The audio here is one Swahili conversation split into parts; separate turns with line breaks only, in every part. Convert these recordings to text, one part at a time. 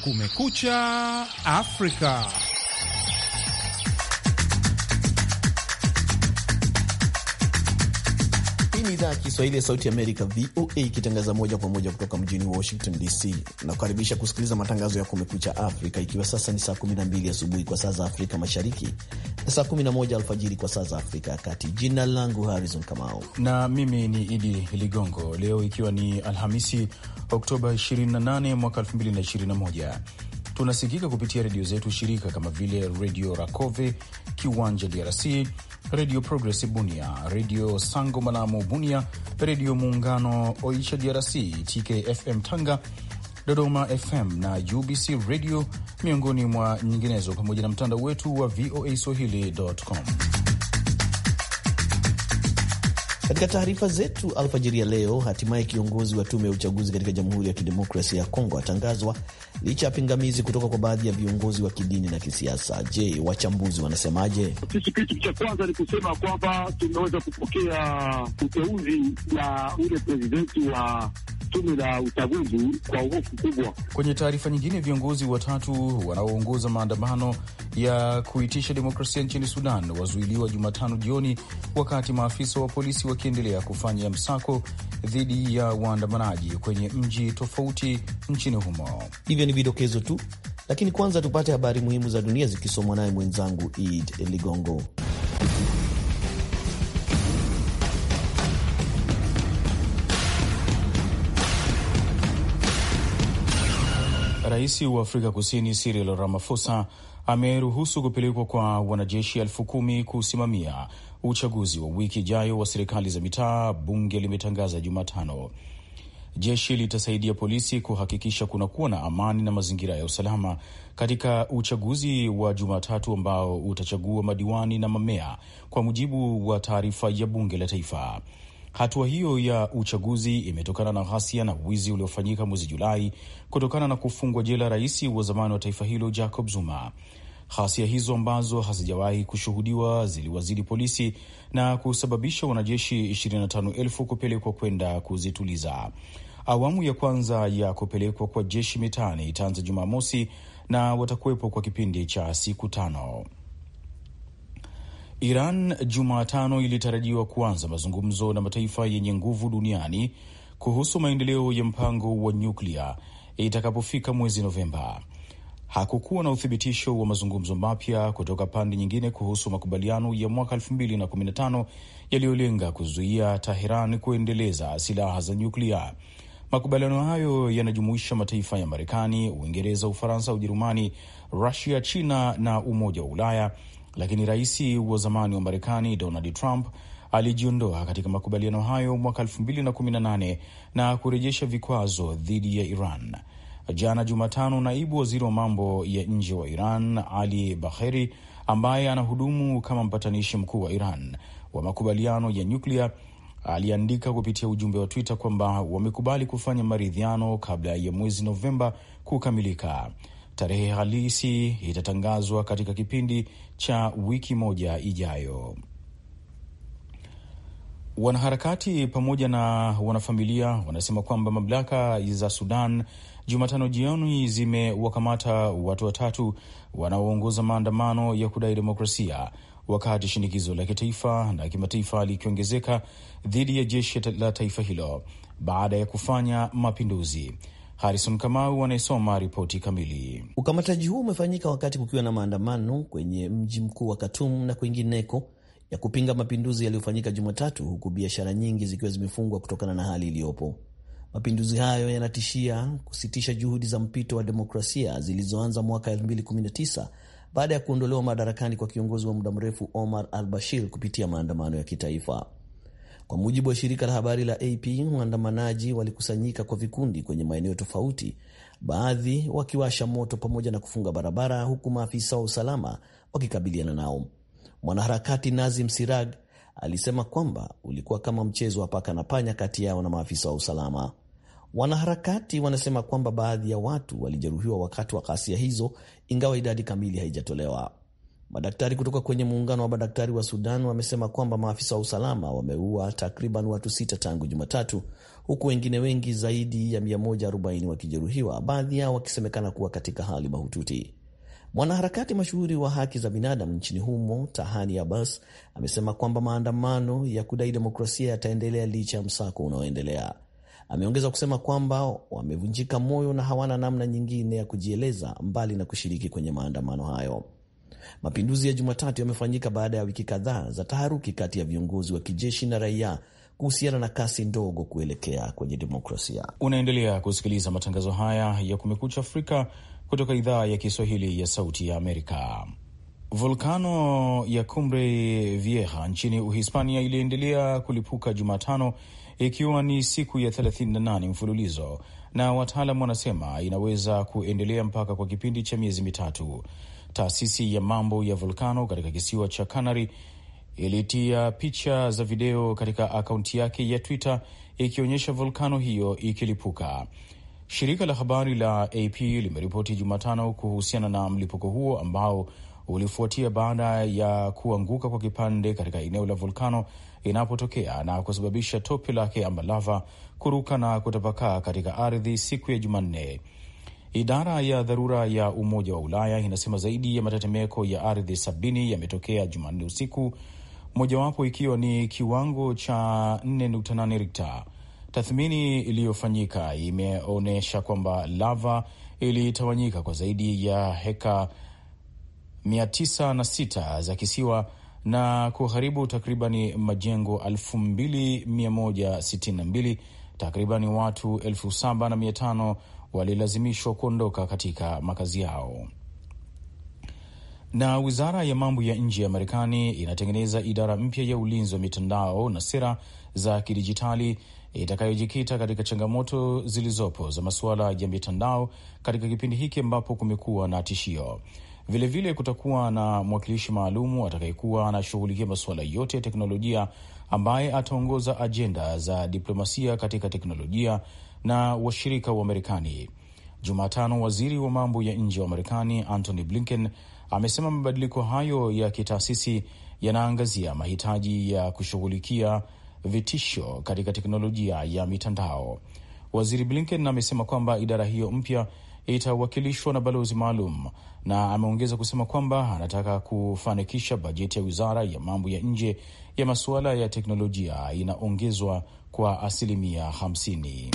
Kumekucha Afrika.
Hii ni idhaa ya Kiswahili ya Sauti Amerika, VOA, ikitangaza moja kwa moja kutoka mjini Washington DC. Nakukaribisha kusikiliza matangazo ya Kumekucha Afrika, ikiwa sasa ni saa 12 asubuhi kwa saa za Afrika Mashariki na saa 11 alfajiri kwa saa za Afrika ya Kati. Jina langu Harrison Kamau na
mimi ni Idi Ligongo. Leo ikiwa ni Alhamisi, Oktoba 28 mwaka 2021 Tunasikika kupitia redio zetu shirika kama vile Redio Rakove Kiwanja DRC, Redio Progress Bunia, Redio Sango Malamu Bunia, Redio Muungano Oisha DRC, TKFM Tanga, Dodoma FM na UBC Radio, miongoni mwa nyinginezo, pamoja na mtandao wetu wa VOA Swahili.com.
Katika taarifa zetu alfajiri ya leo, hatimaye kiongozi wa tume ya uchaguzi katika Jamhuri ya Kidemokrasia ya Kongo atangazwa licha ya pingamizi kutoka kwa baadhi ya viongozi wa kidini na kisiasa. Je, wachambuzi wanasemaje?
Sisi kitu cha kwanza ni kusema kwamba tumeweza kupokea uteuzi ya ule presidenti wa tume la uchaguzi kwa hofu kubwa.
Kwenye taarifa nyingine, viongozi watatu wanaoongoza maandamano ya kuitisha demokrasia nchini Sudan wazuiliwa Jumatano jioni, wakati maafisa wa polisi wakiendelea
kufanya msako dhidi ya waandamanaji kwenye mji tofauti nchini humo. Hivyo ni vidokezo tu, lakini kwanza tupate habari muhimu za dunia zikisomwa naye mwenzangu Id Ligongo.
Rais wa Afrika Kusini Cyril Ramaphosa ameruhusu kupelekwa kwa wanajeshi elfu kumi kusimamia uchaguzi wa wiki ijayo wa serikali za mitaa, bunge limetangaza Jumatano. Jeshi litasaidia polisi kuhakikisha kunakuwa na amani na mazingira ya usalama katika uchaguzi wa Jumatatu ambao utachagua madiwani na mamea, kwa mujibu wa taarifa ya bunge la taifa. Hatua hiyo ya uchaguzi imetokana na ghasia na wizi uliofanyika mwezi Julai kutokana na kufungwa jela rais wa zamani wa taifa hilo Jacob Zuma. Ghasia hizo ambazo hazijawahi kushuhudiwa ziliwazidi polisi na kusababisha wanajeshi 25,000 kupelekwa kwenda kuzituliza. Awamu ya kwanza ya kupelekwa kwa jeshi mitaani itaanza Jumamosi na watakuwepo kwa kipindi cha siku tano. Iran Jumatano ilitarajiwa kuanza mazungumzo na mataifa yenye nguvu duniani kuhusu maendeleo ya mpango wa nyuklia itakapofika mwezi Novemba. Hakukuwa na uthibitisho wa mazungumzo mapya kutoka pande nyingine kuhusu makubaliano ya mwaka 2015 yaliyolenga kuzuia Teheran kuendeleza silaha za nyuklia. Makubaliano hayo yanajumuisha mataifa ya Marekani, Uingereza, Ufaransa, Ujerumani, Rusia, China na Umoja wa Ulaya lakini rais wa zamani wa Marekani Donald Trump alijiondoa katika makubaliano hayo mwaka 2018 na kurejesha vikwazo dhidi ya Iran. Jana Jumatano, naibu waziri wa mambo ya nje wa Iran Ali Bakheri, ambaye anahudumu kama mpatanishi mkuu wa Iran wa makubaliano ya nyuklia, aliandika kupitia ujumbe wa Twitter kwamba wamekubali kufanya maridhiano kabla ya mwezi Novemba kukamilika. Tarehe halisi itatangazwa katika kipindi cha wiki moja ijayo. Wanaharakati pamoja na wanafamilia wanasema kwamba mamlaka za Sudan Jumatano jioni zimewakamata watu watatu wanaoongoza maandamano ya kudai demokrasia, wakati shinikizo la kitaifa na kimataifa likiongezeka dhidi ya jeshi la taifa hilo baada ya kufanya mapinduzi harison Kamau
anayesoma ripoti kamili. Ukamataji huu umefanyika wakati kukiwa na maandamano kwenye mji mkuu wa Khartoum na kwingineko ya kupinga mapinduzi yaliyofanyika Jumatatu, huku biashara nyingi zikiwa zimefungwa kutokana na hali iliyopo. Mapinduzi hayo yanatishia kusitisha juhudi za mpito wa demokrasia zilizoanza mwaka 2019 baada ya kuondolewa madarakani kwa kiongozi wa muda mrefu Omar al-Bashir kupitia maandamano ya kitaifa. Kwa mujibu wa shirika la habari la AP, waandamanaji walikusanyika kwa vikundi kwenye maeneo tofauti, baadhi wakiwasha moto pamoja na kufunga barabara, huku maafisa wa usalama wakikabiliana nao. Mwanaharakati Nazim Sirag alisema kwamba ulikuwa kama mchezo wa paka na panya kati yao na maafisa wa usalama. Wanaharakati wanasema kwamba baadhi ya watu walijeruhiwa wakati wa ghasia hizo, ingawa idadi kamili haijatolewa. Madaktari kutoka kwenye muungano wa madaktari wa Sudan wamesema kwamba maafisa wa usalama wameua takriban watu sita tangu Jumatatu, huku wengine wengi zaidi ya 140 wakijeruhiwa, baadhi yao wakisemekana kuwa katika hali mahututi. Mwanaharakati mashuhuri wa haki za binadamu nchini humo Tahani Abbas amesema kwamba maandamano ya kudai demokrasia yataendelea licha ya msako unaoendelea. Ameongeza kusema kwamba wamevunjika moyo na hawana namna nyingine ya kujieleza mbali na kushiriki kwenye maandamano hayo. Mapinduzi ya Jumatatu yamefanyika baada ya wiki kadhaa za taharuki kati ya viongozi wa kijeshi na raia kuhusiana na kasi ndogo kuelekea kwenye demokrasia.
Unaendelea kusikiliza matangazo haya ya Kumekucha Afrika kutoka idhaa ya Kiswahili ya Sauti ya Amerika. Volkano ya Cumbre Vieja nchini Uhispania iliendelea kulipuka Jumatano, ikiwa ni siku ya 38 mfululizo, na wataalam wanasema inaweza kuendelea mpaka kwa kipindi cha miezi mitatu. Taasisi ya mambo ya volkano katika kisiwa cha Canary ilitia picha za video katika akaunti yake ya Twitter ikionyesha volkano hiyo ikilipuka. Shirika la habari la AP limeripoti Jumatano kuhusiana na mlipuko huo ambao ulifuatia baada ya kuanguka kwa kipande katika eneo la volkano inapotokea na kusababisha tope lake ama lava kuruka na kutapakaa katika ardhi siku ya Jumanne. Idara ya dharura ya Umoja wa Ulaya inasema zaidi ya matetemeko ya ardhi sabini yametokea Jumanne usiku, mojawapo ikiwa ni kiwango cha 4.8 rikta. Tathmini iliyofanyika imeonyesha kwamba lava ilitawanyika kwa zaidi ya heka 906 za kisiwa na kuharibu takribani majengo 2162, takribani watu 7500 walilazimishwa kuondoka katika makazi yao. Na wizara ya mambo ya nje ya Marekani inatengeneza idara mpya ya ulinzi wa mitandao na sera za kidijitali itakayojikita katika changamoto zilizopo za masuala ya mitandao katika kipindi hiki ambapo kumekuwa na tishio. Vilevile kutakuwa na mwakilishi maalumu atakayekuwa anashughulikia masuala yote ya teknolojia ambaye ataongoza ajenda za diplomasia katika teknolojia na washirika wa Marekani. Jumatano, waziri wa mambo ya nje wa Marekani Antony Blinken amesema mabadiliko hayo ya kitaasisi yanaangazia mahitaji ya kushughulikia vitisho katika teknolojia ya mitandao. Waziri Blinken amesema kwamba idara hiyo mpya itawakilishwa na balozi maalum, na ameongeza kusema kwamba anataka kufanikisha bajeti ya wizara ya mambo ya nje ya masuala ya teknolojia inaongezwa kwa asilimia 50.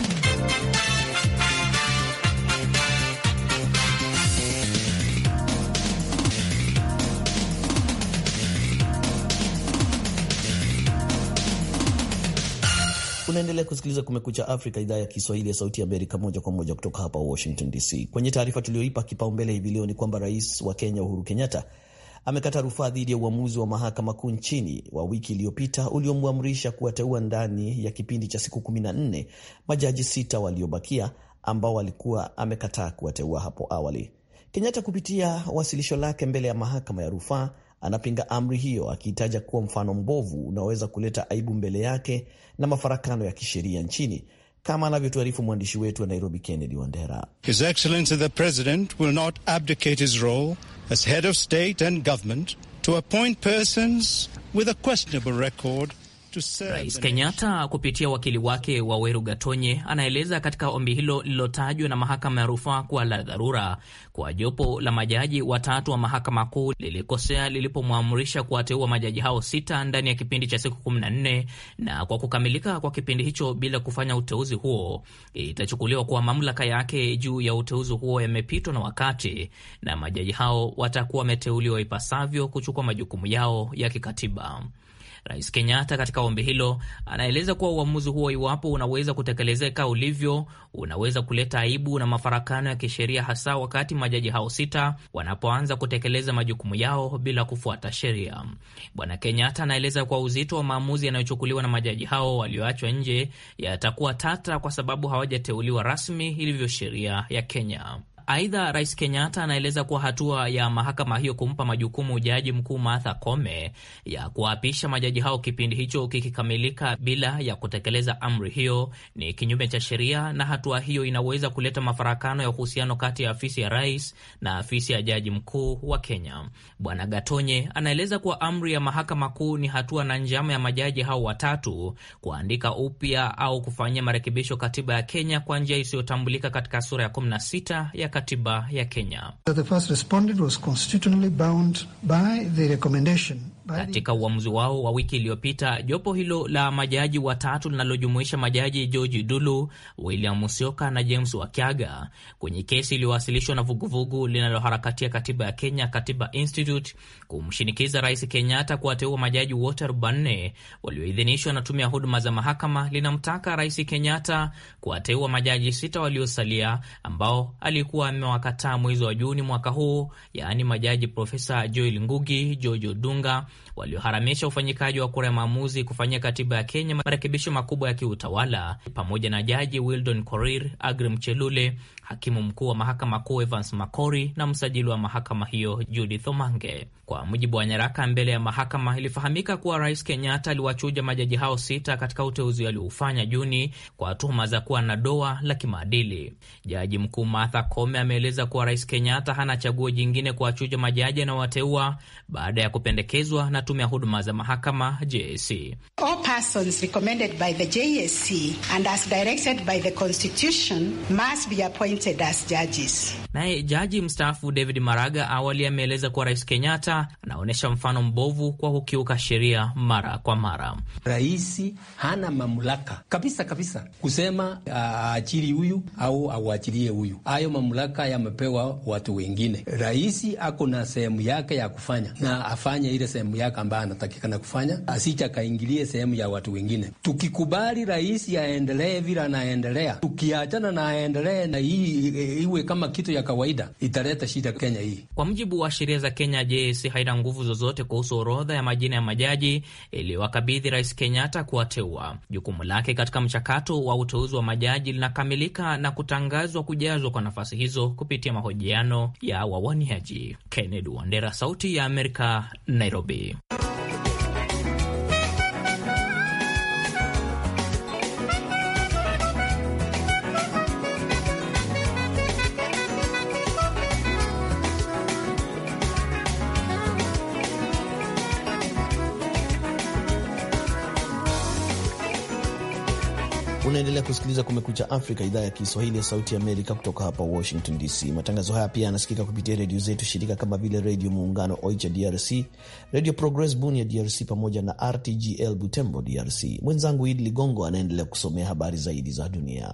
Unaendelea kusikiliza Kumekucha Afrika, idhaa ya Kiswahili ya Sauti ya Amerika, moja kwa moja kutoka hapa Washington DC. Kwenye taarifa tuliyoipa kipaumbele hivi leo ni kwamba rais wa Kenya Uhuru Kenyatta amekata rufaa dhidi ya uamuzi wa mahakama kuu nchini wa wiki iliyopita uliomwamrisha kuwateua ndani ya kipindi cha siku 14 majaji sita waliobakia ambao alikuwa amekataa kuwateua hapo awali. Kenyatta kupitia wasilisho lake mbele ya mahakama ya rufaa anapinga amri hiyo akiitaja kuwa mfano mbovu unaoweza kuleta aibu mbele yake na mafarakano ya kisheria nchini kama anavyotuarifu mwandishi wetu wa Nairobi, Kennedy Wandera. His Excellency the President will not abdicate his role as head of state and government to
appoint persons with a questionable record
Rais Kenyatta kupitia wakili wake Waweru Gatonye anaeleza katika ombi hilo lililotajwa na mahakama ya rufaa kuwa la dharura kwa jopo la majaji watatu wa mahakama kuu lilikosea lilipomwamrisha kuwateua majaji hao sita ndani ya kipindi cha siku 14 na kwa kukamilika kwa kipindi hicho bila kufanya uteuzi huo, itachukuliwa kuwa mamlaka yake juu ya uteuzi huo yamepitwa na wakati na majaji hao watakuwa wameteuliwa ipasavyo kuchukua majukumu yao ya kikatiba. Rais Kenyatta katika ombi hilo anaeleza kuwa uamuzi huo, iwapo unaweza kutekelezeka ulivyo, unaweza kuleta aibu na mafarakano ya kisheria, hasa wakati majaji hao sita wanapoanza kutekeleza majukumu yao bila kufuata sheria. Bwana Kenyatta anaeleza kuwa uzito wa maamuzi yanayochukuliwa na majaji hao walioachwa nje yatakuwa tata, kwa sababu hawajateuliwa rasmi ilivyo sheria ya Kenya. Aidha, Rais Kenyatta anaeleza kuwa hatua ya mahakama hiyo kumpa majukumu Jaji Mkuu Martha Koome ya kuwaapisha majaji hao kipindi hicho kikikamilika bila ya kutekeleza amri hiyo ni kinyume cha sheria, na hatua hiyo inaweza kuleta mafarakano ya uhusiano kati ya afisi ya rais na afisi ya jaji mkuu wa Kenya. Bwana Gatonye anaeleza kuwa amri ya mahakama kuu ni hatua na njama ya majaji hao watatu kuandika upya au kufanyia marekebisho katiba ya Kenya kwa njia isiyotambulika katika sura ya 16 ya katiba ya Kenya.
So the first responded was constitutionally bound by the
recommendation katika uamuzi wao wa wiki iliyopita, jopo hilo la majaji watatu linalojumuisha majaji George Dulu, William Musyoka na James wakiaga kwenye kesi iliyowasilishwa na vuguvugu linaloharakatia katiba ya Kenya, Katiba Institute, kumshinikiza Rais Kenyatta kuwateua majaji wote 44 walioidhinishwa na tume ya huduma za mahakama, linamtaka Rais Kenyatta kuwateua majaji sita waliosalia ambao alikuwa amewakataa mwezi wa Juni mwaka huu, yaani majaji Profesa Joel Ngugi, George Odunga walioharamisha ufanyikaji wa kura ya maamuzi kufanyia katiba ya Kenya marekebisho makubwa ya kiutawala, pamoja na Jaji Wildon Korir, Agri Mchelule, hakimu mkuu wa mahakama kuu Evans Makori na msajili wa mahakama hiyo Judith Omange. Kwa mujibu wa nyaraka mbele ya mahakama, ilifahamika kuwa Rais Kenyatta aliwachuja majaji hao sita katika uteuzi alioufanya Juni kwa tuhuma za kuwa na doa la kimaadili. Jaji mkuu Martha Koome ameeleza kuwa Rais Kenyatta hana chaguo jingine kuwachuja majaji anaowateua baada ya kupendekezwa na tume ya huduma za mahakama JSC. by and as by as Naye jaji mstaafu David Maraga awali ameeleza kuwa Rais Kenyatta anaonyesha mfano mbovu kwa kukiuka sheria mara kwa mara. Raisi hana mamlaka kabisa kabisa kusema ah, aachili huyu au auachilie huyu. Hayo mamlaka yamepewa watu wengine. Raisi ako na sehemu yake ya kufanya na afanye ile sehemu yake ambayo anatakikana kufanya, asija kaingilie sehemu ya watu wengine. Tukikubali rahisi aendelee vile anaendelea, tukiachana na aendelee na hii iwe kama kitu ya kawaida italeta shida Kenya hii. Kwa mujibu wa sheria za Kenya, JSC haina nguvu zozote kuhusu orodha ya majina ya majaji iliyowakabidhi Rais Kenyatta kuwateua. Jukumu lake katika mchakato wa uteuzi wa majaji linakamilika na kutangazwa kujazwa kwa nafasi hizo kupitia mahojiano ya wawaniaji. Kennedy Wandera, Sauti ya Amerika, Nairobi.
kusikiliza Kumekucha Afrika, idhaa ya Kiswahili ya Sauti Amerika, kutoka hapa Washington DC. Matangazo haya pia yanasikika kupitia redio zetu shirika kama vile Redio Muungano Oicha DRC, Redio Progress Bunia DRC, pamoja na RTGL Butembo DRC. Mwenzangu Idi Ligongo anaendelea kusomea habari zaidi za dunia.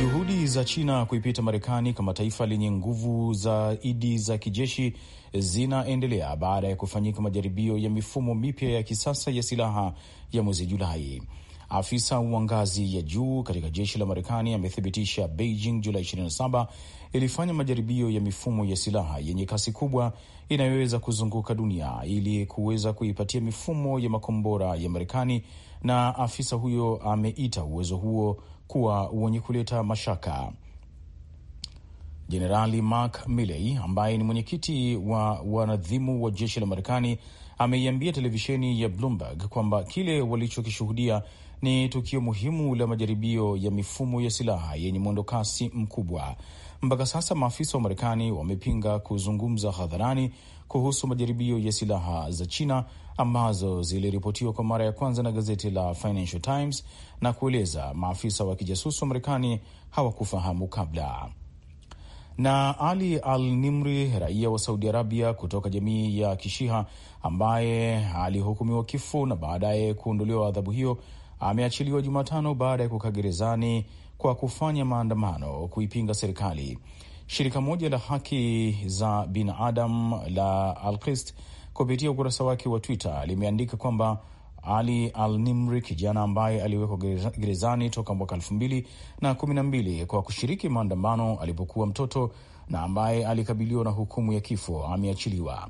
Juhudi za China kuipita Marekani kama taifa lenye nguvu zaidi za kijeshi zinaendelea baada ya kufanyika majaribio ya mifumo mipya ya kisasa ya silaha ya mwezi Julai. Afisa wa ngazi ya juu katika jeshi la Marekani amethibitisha Beijing Julai 27 ilifanya majaribio ya mifumo ya silaha yenye kasi kubwa inayoweza kuzunguka dunia ili kuweza kuipatia mifumo ya makombora ya Marekani, na afisa huyo ameita uwezo huo kuwa wenye kuleta mashaka. Jenerali Mark Milley ambaye ni mwenyekiti wa wanadhimu wa jeshi la Marekani ameiambia televisheni ya Bloomberg kwamba kile walichokishuhudia ni tukio muhimu la majaribio ya mifumo ya silaha yenye mwendokasi mkubwa. Mpaka sasa maafisa wa Marekani wamepinga kuzungumza hadharani kuhusu majaribio ya silaha za China ambazo ziliripotiwa kwa mara ya kwanza na gazeti la Financial Times na kueleza maafisa wa kijasusi wa Marekani hawakufahamu kabla. Na Ali Al Nimri, raia wa Saudi Arabia kutoka jamii ya Kishiha ambaye alihukumiwa kifo na baadaye kuondolewa adhabu hiyo, ameachiliwa Jumatano baada ya kukaa gerezani kwa kufanya maandamano kuipinga serikali. Shirika moja la haki za binadamu la Alqist kupitia ukurasa wake wa Twitter limeandika kwamba ali Al-Nimri, kijana ambaye aliwekwa gerezani toka mwaka elfu mbili na kumi na mbili kwa kushiriki maandamano alipokuwa mtoto na ambaye alikabiliwa na hukumu ya kifo ameachiliwa.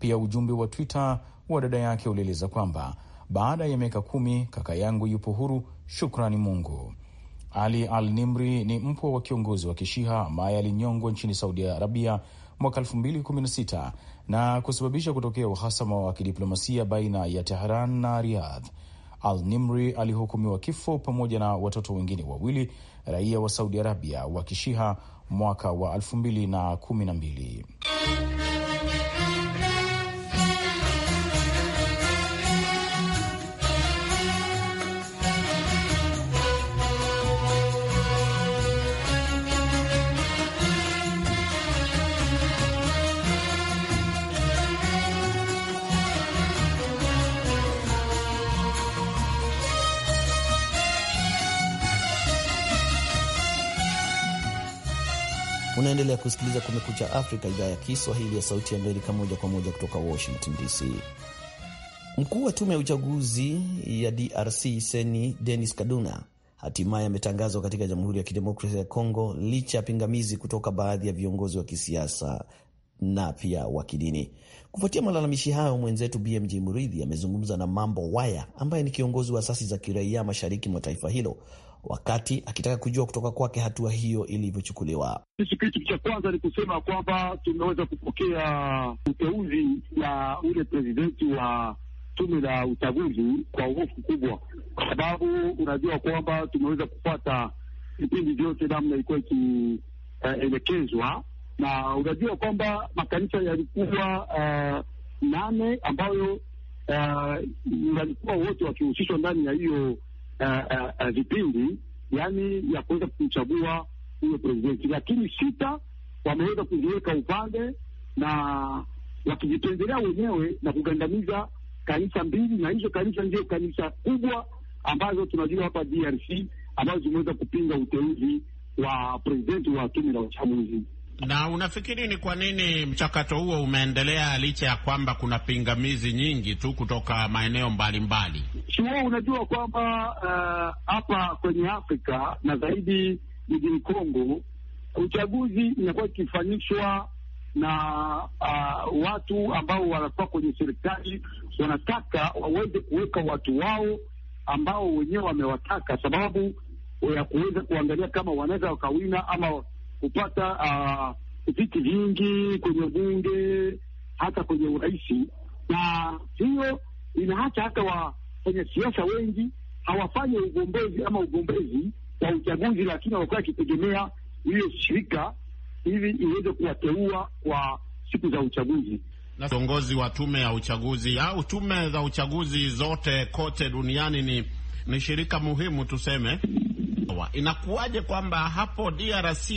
Pia ujumbe wa Twitter wa dada yake ulieleza kwamba baada ya miaka kumi kaka yangu yupo huru, shukrani Mungu. Ali Al-Nimri ni mpwa wa kiongozi wa kishiha ambaye alinyongwa nchini Saudi Arabia mwaka 2016 na kusababisha kutokea uhasama wa kidiplomasia baina ya teheran na Riyadh. Al-Nimri alihukumiwa kifo pamoja na watoto wengine wawili raia wa Saudi Arabia wa kishiha mwaka wa 2012.
Unaendelea kusikiliza Kumekucha Afrika, idhaa ya Kiswahili ya Sauti ya Amerika, moja kwa moja kutoka Washington DC. Mkuu wa tume ya uchaguzi ya DRC Seni Denis Kaduna hatimaye ametangazwa katika Jamhuri ya Kidemokrasia ya Kongo licha ya pingamizi kutoka baadhi ya viongozi wa kisiasa na pia wa kidini. Kufuatia malalamishi hayo, mwenzetu BMJ Muridhi amezungumza na Mambo Waya ambaye ni kiongozi wa asasi za kiraia mashariki mwa taifa hilo wakati akitaka kujua kutoka kwake hatua hiyo ilivyochukuliwa. Sisi
kitu cha kwanza ni kusema kwamba tumeweza kupokea uteuzi ya ule presidenti wa tume la uchaguzi kwa uhofu kubwa, kwa sababu unajua kwamba tumeweza kupata vipindi vyote namna ilikuwa ikielekezwa uh, na unajua kwamba makanisa yalikuwa uh, nane ambayo walikuwa eh, uh, wote wakihusishwa ndani ya hiyo uh, uh, vipindi yani ya kuweza kumchagua huyo presidenti, lakini sita wameweza kuziweka upande na wakijipendelea wenyewe na kugandamiza kanisa mbili, na hizo kanisa ndio kanisa kubwa ambazo tunajua hapa DRC ambazo zimeweza kupinga uteuzi wa presidenti wa tume la uchaguzi.
Na unafikiri ni kwa nini mchakato huo umeendelea licha ya kwamba kuna pingamizi nyingi tu kutoka maeneo mbalimbali?
Shuo, unajua kwamba uh, hapa uh, kwenye Afrika na zaidi mjini Kongo uchaguzi inakuwa ikifanyishwa na uh, watu ambao wanakuwa kwenye serikali wanataka waweze kuweka watu wao ambao wenyewe wamewataka, sababu ya kuweza kuangalia kama wanaweza wakawina ama kupata uh, viti vingi kwenye bunge hata kwenye urais, na hiyo inaacha hata wafanya siasa wengi hawafanye ugombezi ama ugombezi wa uchaguzi, lakini wamekuwa wakitegemea hiyo shirika ili iweze kuwateua kwa siku za uchaguzi.
Na viongozi wa tume ya uchaguzi au tume za uchaguzi zote kote duniani ni, ni shirika muhimu tuseme. Inakuwaje kwamba hapo DRC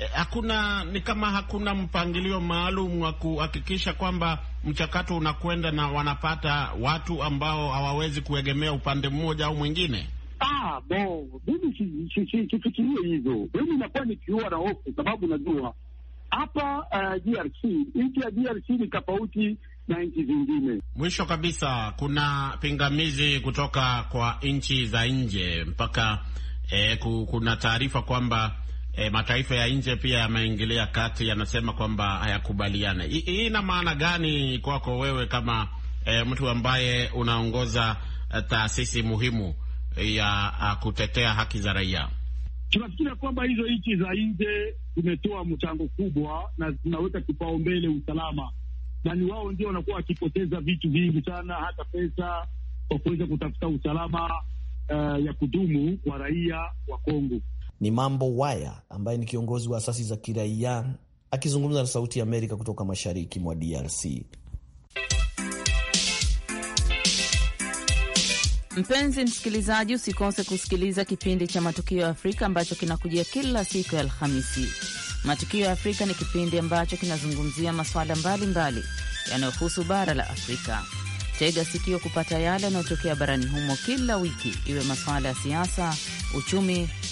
Eh, hakuna ni kama hakuna mpangilio maalum wa kuhakikisha kwamba mchakato unakwenda na wanapata watu ambao hawawezi kuegemea upande mmoja au mwingine.
Ah, bo mimi sifikirie hivyo. Mimi nakuwa nikiua na hofu, sababu najua hapa uh, eh, DRC nchi ya DRC ni tofauti na nchi zingine. Mwisho kabisa,
kuna pingamizi kutoka kwa nchi za nje mpaka eh, kuna taarifa kwamba e, mataifa ya nje pia yameingilia kati, yanasema kwamba hayakubaliane. Hii ina maana gani kwako wewe kama e, mtu ambaye unaongoza eh, taasisi muhimu ya a, ah, kutetea haki za raia?
Tunafikiria kwamba hizo nchi za nje zimetoa mchango kubwa na zinaweka kipaumbele usalama, na ni wao ndio wanakuwa wakipoteza vitu vingi sana, hata pesa kwa kuweza kutafuta usalama uh, ya kudumu
kwa raia wa Kongo ni Mambo Waya ambaye ni kiongozi wa asasi za kiraia akizungumza na Sauti ya Amerika kutoka mashariki mwa DRC.
Mpenzi msikilizaji, usikose kusikiliza kipindi cha Matukio ya Afrika ambacho kinakujia kila siku ya Alhamisi. Matukio ya Afrika ni kipindi ambacho kinazungumzia masuala mbalimbali yanayohusu bara la Afrika. Tega sikio kupata yale yanayotokea barani humo kila wiki, iwe masuala ya siasa, uchumi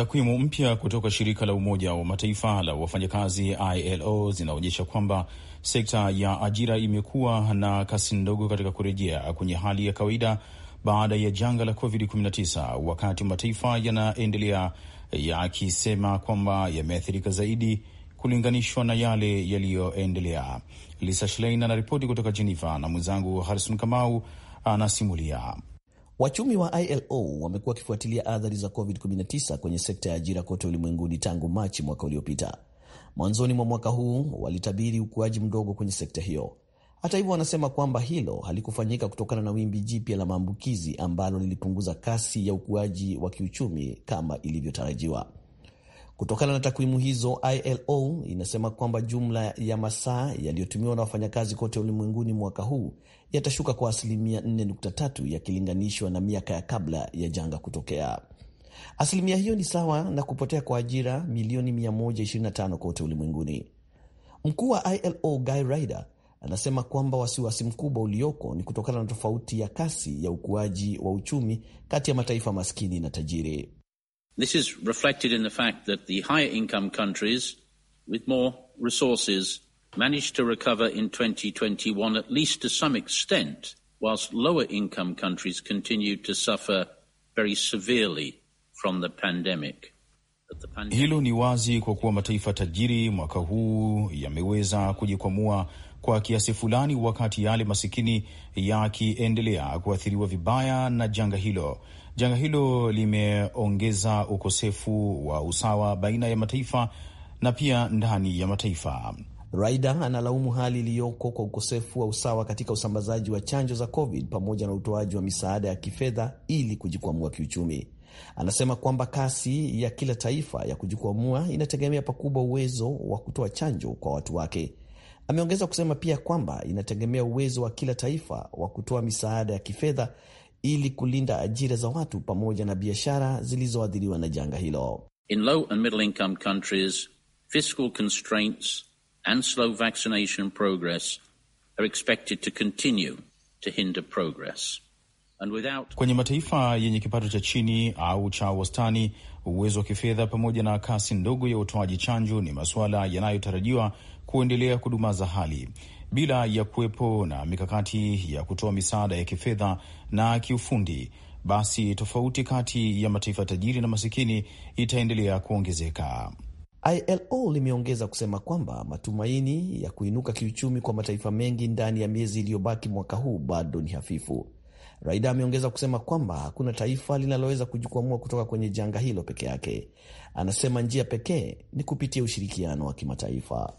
Takwimu mpya kutoka shirika la Umoja wa Mataifa la wafanyakazi ILO zinaonyesha kwamba sekta ya ajira imekuwa na kasi ndogo katika kurejea kwenye hali ya kawaida baada ya janga la COVID-19, wakati mataifa yanaendelea yakisema kwamba yameathirika zaidi kulinganishwa na yale yaliyoendelea. Lisa Schlein anaripoti kutoka Jeneva na mwenzangu Harison Kamau anasimulia.
Wachumi wa ILO wamekuwa wakifuatilia athari za COVID-19 kwenye sekta ya ajira kote ulimwenguni tangu Machi mwaka uliopita. Mwanzoni mwa mwaka huu walitabiri ukuaji mdogo kwenye sekta hiyo. Hata hivyo, wanasema kwamba hilo halikufanyika kutokana na wimbi jipya la maambukizi ambalo lilipunguza kasi ya ukuaji wa kiuchumi kama ilivyotarajiwa. Kutokana na takwimu hizo, ILO inasema kwamba jumla ya masaa yaliyotumiwa na wafanyakazi kote ulimwenguni mwaka huu yatashuka kwa asilimia 4.3 yakilinganishwa na miaka ya kabla ya janga kutokea. Asilimia hiyo ni sawa na kupotea kwa ajira milioni 125 kote ulimwenguni. Mkuu wa ILO Guy Ryder anasema kwamba wasiwasi mkubwa ulioko ni kutokana na tofauti ya kasi ya ukuaji wa uchumi kati ya mataifa maskini na tajiri.
This is reflected in the fact that the higher income countries with more resources managed to recover in 2021, at least to some extent, whilst lower income countries
continued to suffer very severely from the pandemic.
Hilo ni wazi kwa kuwa mataifa tajiri mwaka huu yameweza kujikwamua kwa kiasi fulani, wakati yale masikini yakiendelea kuathiriwa vibaya na janga hilo. Janga hilo limeongeza ukosefu wa
usawa baina ya mataifa na pia ndani ya mataifa. Raida analaumu hali iliyoko kwa ukosefu wa usawa katika usambazaji wa chanjo za COVID pamoja na utoaji wa misaada ya kifedha ili kujikwamua kiuchumi. Anasema kwamba kasi ya kila taifa ya kujikwamua inategemea pakubwa uwezo wa kutoa chanjo kwa watu wake. Ameongeza kusema pia kwamba inategemea uwezo wa kila taifa wa kutoa misaada ya kifedha ili kulinda ajira za watu pamoja na biashara zilizoathiriwa na janga hilo.
In low
and middle income countries, fiscal constraints and slow vaccination progress are expected to continue to hinder progress. And without... Kwenye mataifa yenye kipato cha chini au cha wastani, uwezo wa kifedha pamoja na kasi ndogo ya utoaji chanjo ni masuala yanayotarajiwa kuendelea kudumaza hali bila ya kuwepo na mikakati ya kutoa misaada ya kifedha na kiufundi, basi tofauti kati ya mataifa tajiri na masikini itaendelea
kuongezeka. ILO limeongeza kusema kwamba matumaini ya kuinuka kiuchumi kwa mataifa mengi ndani ya miezi iliyobaki mwaka huu bado ni hafifu. Raida ameongeza kusema kwamba hakuna taifa linaloweza kujikwamua kutoka kwenye janga hilo peke yake. Anasema njia pekee ni kupitia ushirikiano wa kimataifa.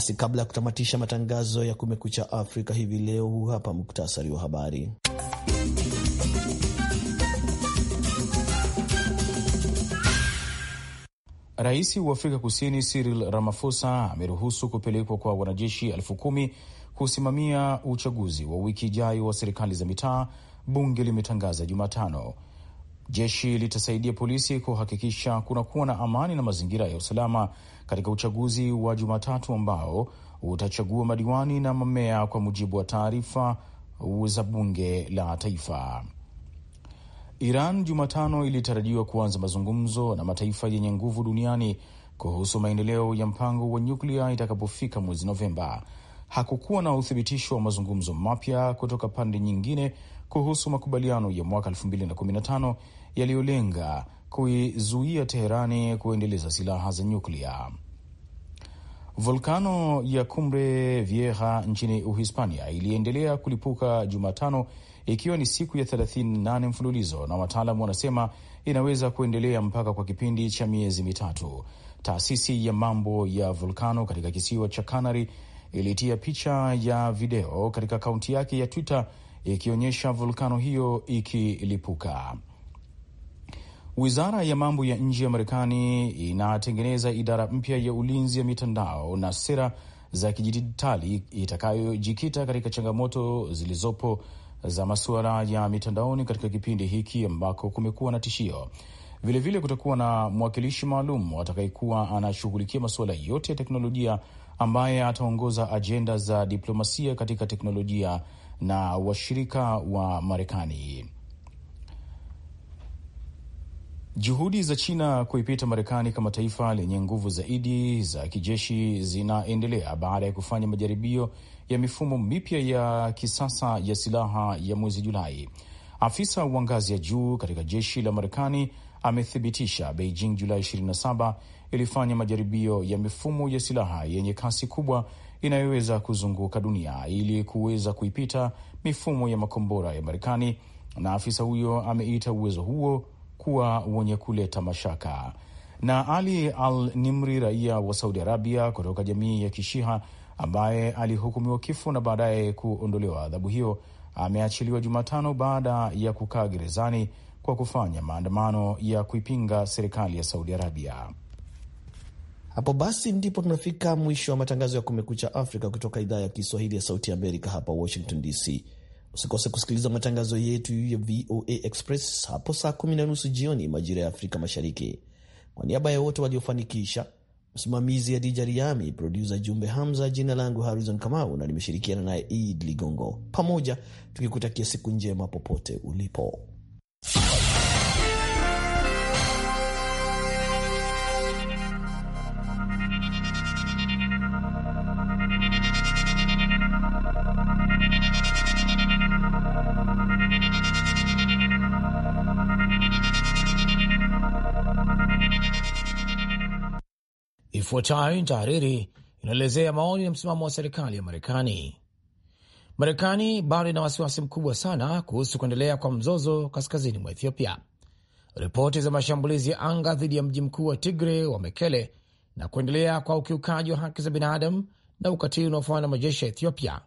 Basi kabla ya kutamatisha matangazo ya Kumekucha Afrika hivi leo, huu hapa muktasari wa habari. Rais wa Afrika Kusini
Cyril Ramaphosa ameruhusu kupelekwa kwa wanajeshi elfu kumi kusimamia uchaguzi wa wiki ijayo wa serikali za mitaa, bunge limetangaza Jumatano. Jeshi litasaidia polisi kuhakikisha kunakuwa na amani na mazingira ya usalama katika uchaguzi wa Jumatatu ambao utachagua madiwani na mamea kwa mujibu wa taarifa za bunge la taifa. Iran Jumatano ilitarajiwa kuanza mazungumzo na mataifa yenye nguvu duniani kuhusu maendeleo ya mpango wa nyuklia itakapofika mwezi Novemba. Hakukuwa na uthibitisho wa mazungumzo mapya kutoka pande nyingine kuhusu makubaliano ya mwaka 2015 yaliyolenga kuizuia Teherani kuendeleza silaha za nyuklia. Volkano ya Cumbre Vieja nchini Uhispania iliendelea kulipuka Jumatano, ikiwa ni siku ya 38 mfululizo, na wataalamu wanasema inaweza kuendelea mpaka kwa kipindi cha miezi mitatu. Taasisi ya mambo ya volkano katika kisiwa cha Canary ilitia picha ya video katika akaunti yake ya Twitter ikionyesha volkano hiyo ikilipuka. Wizara ya mambo ya nje ya Marekani inatengeneza idara mpya ya ulinzi ya mitandao na sera za kidijitali itakayojikita katika changamoto zilizopo za masuala ya mitandaoni katika kipindi hiki ambako kumekuwa na tishio. Vilevile kutakuwa na mwakilishi maalum atakayekuwa anashughulikia masuala yote ya teknolojia ambaye ataongoza ajenda za diplomasia katika teknolojia na washirika wa Marekani. Juhudi za China kuipita Marekani kama taifa lenye nguvu zaidi za kijeshi zinaendelea baada ya kufanya majaribio ya mifumo mipya ya kisasa ya silaha ya mwezi Julai. Afisa wa ngazi ya juu katika jeshi la Marekani amethibitisha Beijing Julai 27 ilifanya majaribio ya mifumo ya silaha yenye kasi kubwa inayoweza kuzunguka dunia ili kuweza kuipita mifumo ya makombora ya Marekani, na afisa huyo ameita uwezo huo kuwa wenye kuleta mashaka. Na Ali Al Nimri, raia wa Saudi Arabia kutoka jamii ya Kishiha ambaye alihukumiwa kifo na baadaye kuondolewa adhabu hiyo, ameachiliwa Jumatano baada ya kukaa gerezani kwa kufanya maandamano ya kuipinga serikali ya Saudi Arabia. Hapo
basi ndipo tunafika mwisho wa matangazo ya Kumekucha Afrika kutoka idhaa ya Kiswahili ya Sauti ya Amerika hapa Washington DC. Usikose kusikiliza matangazo yetu ya VOA Express hapo saa kumi na nusu jioni majira ya Afrika Mashariki. Kwa niaba ya wote waliofanikisha, msimamizi Adija Riami, produsa Jumbe Hamza, jina langu Harrison Kamau na nimeshirikiana naye Ed Ligongo, pamoja tukikutakia siku njema popote ulipo.
Ifuatayo ni tahariri inaelezea maoni na msimamo wa serikali ya Marekani. Marekani bado ina wasiwasi mkubwa sana kuhusu kuendelea kwa mzozo kaskazini mwa Ethiopia. Ripoti za mashambulizi ya anga dhidi ya mji mkuu wa Tigre wa Mekele na kuendelea kwa ukiukaji wa haki za binadamu na ukatili unaofanywa na majeshi ya Ethiopia,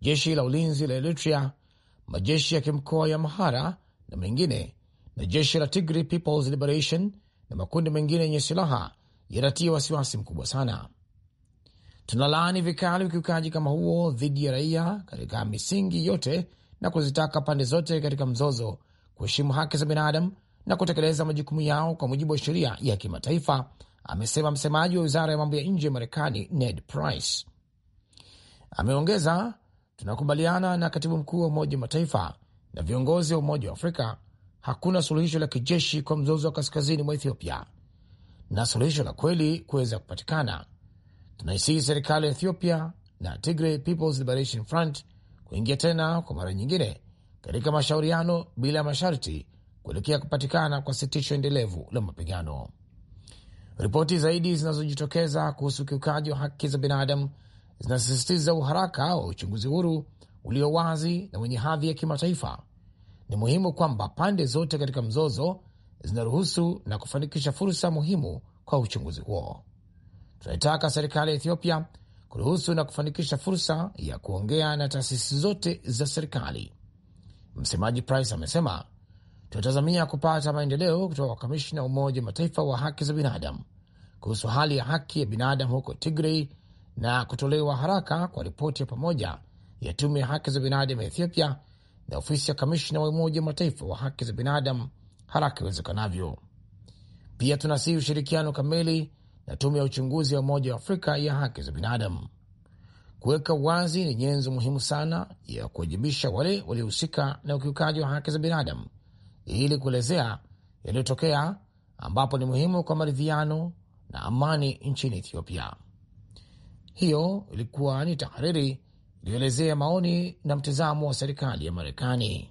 jeshi la ulinzi la Eritrea, majeshi ya kimkoa ya mahara na mengine, na jeshi la Tigray People's Liberation na makundi mengine yenye silaha yatatia wasiwasi mkubwa sana. Tunalaani vikali ukiukaji kama huo dhidi ya raia katika misingi yote na kuzitaka pande zote katika mzozo kuheshimu haki za binadamu na kutekeleza majukumu yao kwa mujibu wa sheria ya kimataifa, amesema msemaji wa wizara ya mambo ya nje ya Marekani Ned Price. Ameongeza, tunakubaliana na katibu mkuu wa Umoja wa Mataifa na viongozi wa Umoja wa Afrika, hakuna suluhisho la kijeshi kwa mzozo wa kaskazini mwa Ethiopia na suluhisho la kweli kuweza kupatikana. Tunaisihi serikali ya Ethiopia na Tigray People's Liberation Front kuingia tena kwa mara nyingine katika mashauriano bila ya masharti kuelekea kupatikana kwa sitisho endelevu la mapigano. Ripoti zaidi zinazojitokeza kuhusu ukiukaji wa haki za binadamu zinasisitiza uharaka wa uchunguzi huru ulio wazi na wenye hadhi ya kimataifa. Ni muhimu kwamba pande zote katika mzozo zinaruhusu na kufanikisha fursa muhimu kwa uchunguzi huo. Tunaitaka serikali ya Ethiopia kuruhusu na kufanikisha fursa ya kuongea na taasisi zote za serikali. Msemaji Price amesema, tunatazamia kupata maendeleo kutoka kwa kamishina wa Umoja Mataifa wa haki za binadamu kuhusu hali ya haki ya binadamu huko Tigray na kutolewa haraka kwa ripoti ya pamoja ya tume ya haki za binadamu ya Ethiopia na ofisi ya kamishina wa Umoja Mataifa wa haki za binadamu haraka iwezekanavyo. Pia tunasihi ushirikiano kamili na tume ya uchunguzi ya Umoja wa Afrika ya haki za binadamu. Kuweka wazi ni nyenzo muhimu sana ya kuwajibisha wale waliohusika na ukiukaji wa haki za binadamu ili kuelezea yaliyotokea, ambapo ni muhimu kwa maridhiano na amani nchini Ethiopia. Hiyo ilikuwa ni tahariri iliyoelezea maoni na mtazamo wa serikali ya Marekani.